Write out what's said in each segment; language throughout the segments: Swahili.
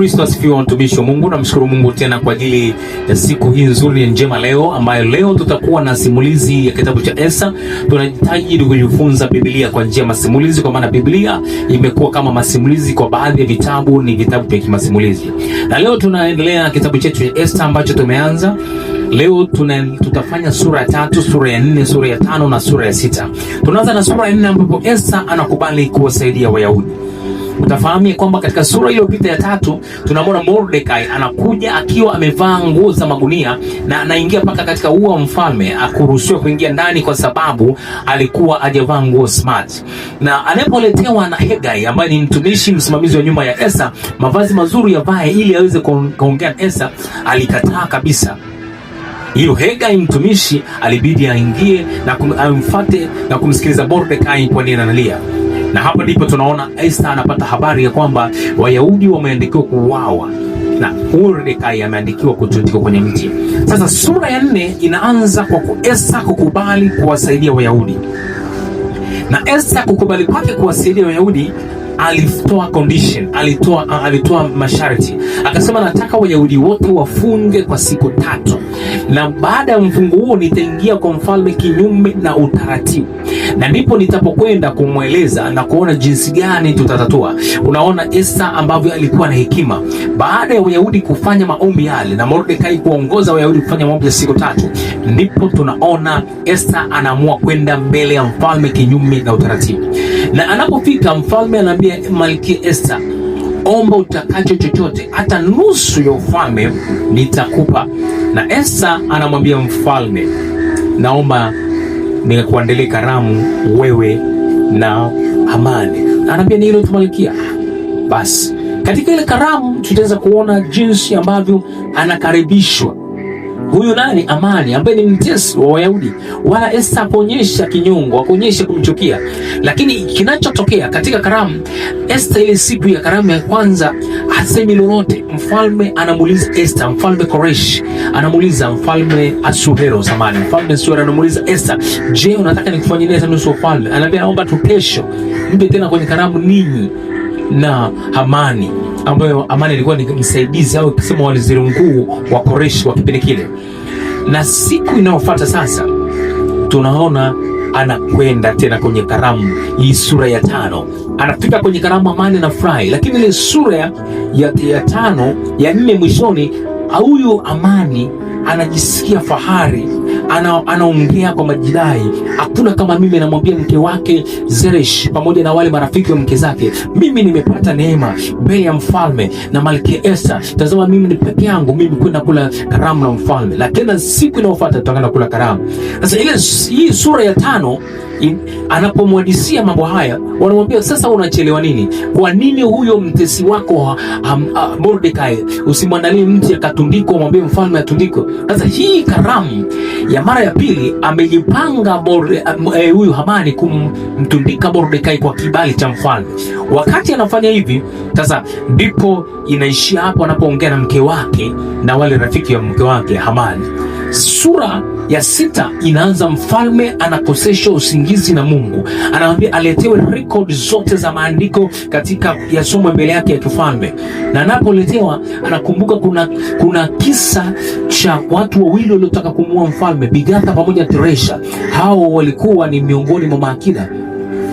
Kristo asifiwe, mtumishi wa Mungu. Namshukuru Mungu tena kwa ajili ya siku hii nzuri njema leo, ambayo leo tutakuwa na simulizi ya kitabu cha Esta. Tunahitaji kujifunza Biblia kwa njia ya masimulizi, kwa maana Biblia imekuwa kama masimulizi, kwa baadhi ya vitabu ni vitabu vya kimasimulizi, na leo tunaendelea na kitabu chetu cha Esta ambacho tumeanza Leo tuna, tutafanya sura ya tatu, sura ya nne, sura ya tano na sura ya sita. Tunaanza na sura ya nne ambapo Esta anakubali kuwasaidia Wayahudi utafahamu kwamba katika sura iliyopita ya tatu tunamwona Mordekai anakuja akiwa amevaa nguo za magunia na anaingia mpaka katika ua mfalme, akuruhusiwa kuingia ndani kwa sababu alikuwa ajavaa nguo smart. Na anapoletewa na Hegai ambaye ni mtumishi msimamizi wa nyumba ya Esa mavazi mazuri yavae ili aweze kuongea na Esa, alikataa kabisa. Hilo Hegai mtumishi alibidi aingie na kumfuate na kumsikiliza Mordekai kwa nini analia. Na hapa ndipo tunaona Esta anapata habari ya kwamba Wayahudi wameandikiwa kuuawa na Mordekai ameandikiwa kutundikwa kwenye mti. Sasa sura ya nne inaanza kwa Esta kukubali kuwasaidia Wayahudi, na Esta kukubali kwake kuwasaidia Wayahudi alitoa condition, alitoa, alitoa masharti, akasema nataka Wayahudi wote wafunge kwa siku tatu na baada ya mfungo huo nitaingia kwa mfalme kinyume na utaratibu, na ndipo nitapokwenda kumweleza na kuona jinsi gani tutatatua. Unaona Esta ambavyo alikuwa na hekima. Baada ya Wayahudi kufanya maombi yale na Mordekai kuongoza Wayahudi kufanya maombi ya siku tatu, ndipo tunaona Esta anaamua kwenda mbele ya mfalme kinyume na utaratibu, na anapofika mfalme anaambia Malkia Esta, omba utakacho chochote, hata nusu ya ufalme nitakupa na Esta anamwambia mfalme, naomba nikakuandalie karamu wewe na Hamani. Anaambia ni hilo tu malkia. Basi katika ile karamu tutaweza kuona jinsi ambavyo anakaribishwa huyu nani Amani ambaye ni mtesi wa Wayahudi, wala Esta akuonyesha kinyongo, akuonyesha kumchukia. Lakini kinachotokea katika karamu, Esta ile siku ya karamu ya kwanza hasemi lolote. Mfalme anamuuliza Esta, mfalme Koreshi anamuuliza mfalme Asuhero zamani, mfalme Asuhero anamuuliza Esta, je, unataka nikufanyie nini nusu mfalme Anaambia naomba tu kesho mpe tena kwenye karamu ninyi na Hamani, ambayo Hamani ilikuwa ni msaidizi au kusema waziri mkuu wa Koreshi wa kipindi kile. Na siku inayofuata sasa tunaona anakwenda tena kwenye karamu hii, sura ya tano. Anafika kwenye karamu Hamani na furahi, lakini ile sura ya, ya, ya tano ya nne mwishoni Huyu Amani anajisikia fahari anaongea ana kwa majidai. Hakuna kama mimi, namwambia mke wake Zeresh pamoja na wale marafiki wa mke zake, mimi nimepata neema mbele ya mfalme na malkia Esther. Tazama mimi ni peke yangu, mimi kwenda kula karamu na mfalme, lakini siku inayofuata tutakwenda kula karamu. Sasa ile hii sura ya tano anapomwadisia mambo haya, wanamwambia sasa, unachelewa nini? Kwa nini huyo mtesi wako Mordekai usimwandalie mti akatundikwa, mwambie mfalme atundikwe? Sasa hii karamu ya na mara ya pili amejipanga eh, huyu uh, Hamani kumtundika Mordekai kwa kibali cha mfalme. Wakati anafanya hivi sasa, ndipo inaishia hapo anapoongea na mke wake na wale rafiki wa mke wake Hamani sura ya sita inaanza, mfalme anakosesha usingizi na Mungu, anamwambia aletewe rekodi zote za maandiko katika yasomwe mbele yake ya kifalme, na anapoletewa anakumbuka kuna, kuna kisa cha watu wawili waliotaka kumuua mfalme, Bigatha pamoja na Teresha. Hao walikuwa ni miongoni mwa maakida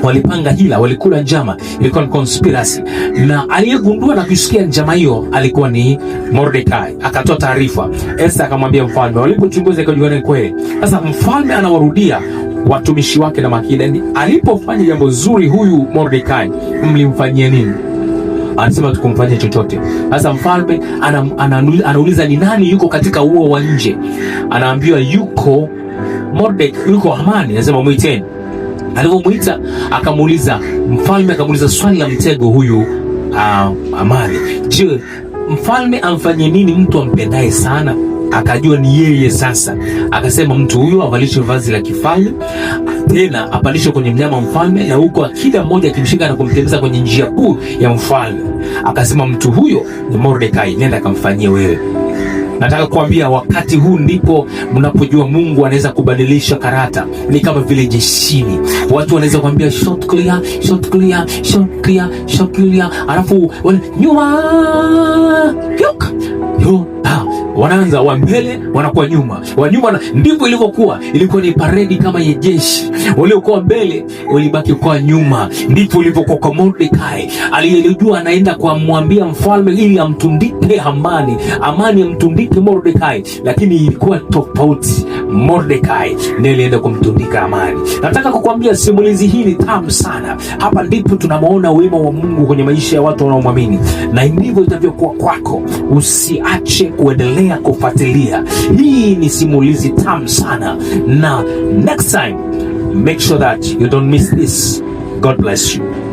walipanga hila, walikula njama, ilikuwa ni conspiracy, na aliyegundua na kusikia njama hiyo alikuwa ni Mordekai. Akatoa taarifa, Esther akamwambia mfalme, walipochunguza ikajulikana kweli. Sasa mfalme anawarudia watumishi wake na makida, yaani, alipofanya jambo zuri huyu Mordekai, mlimfanyia nini? Anasema tukumfanyia chochote. Sasa mfalme anauliza ni nani yuko katika uo wa nje, anaambiwa yuko Mordekai, yuko Hamani, anasema mwiteni Alivyomwita akamuuliza, mfalme akamuuliza swali la mtego huyu uh, amani, je, mfalme amfanye nini mtu ampendaye sana? Akajua ni yeye sasa, akasema mtu huyu avalishwe vazi la kifalme, tena apandishwe kwenye mnyama mfalme, na huko akida mmoja akimshika na kumtembeza kwenye njia kuu ya mfalme. Akasema mtu huyo ni Mordekai, nenda akamfanyie wewe Nataka kuambia wakati huu ndipo mnapojua Mungu anaweza kubadilisha karata. Ni kama vile jeshini, watu wanaweza kuambia shot clear, shot clear, shot clear, shot clear, alafu nyuma yuk yuk wanaanza wa mbele wanakuwa nyuma, wa nyuma na... ndipo ilivyokuwa. Ilikuwa ni paredi kama ya jeshi, waliokuwa mbele walibaki kwa nyuma. ndipo ilivyokuwa kwa Mordekai aliyelijua anaenda kumwambia mfalme ili amtundike Hamani, amani amtundike Mordekai, lakini ilikuwa tofauti. Mordekai ndiye alienda kumtundika Hamani. Nataka kukuambia simulizi hii ni tamu sana. Hapa ndipo tunamwona wema wa Mungu kwenye maisha ya watu wanaomwamini, na ndivyo itavyokuwa kwako. Usiache kuendelea endelea kufuatilia. Hii ni simulizi tamu sana, na next time make sure that you don't miss this. God bless you.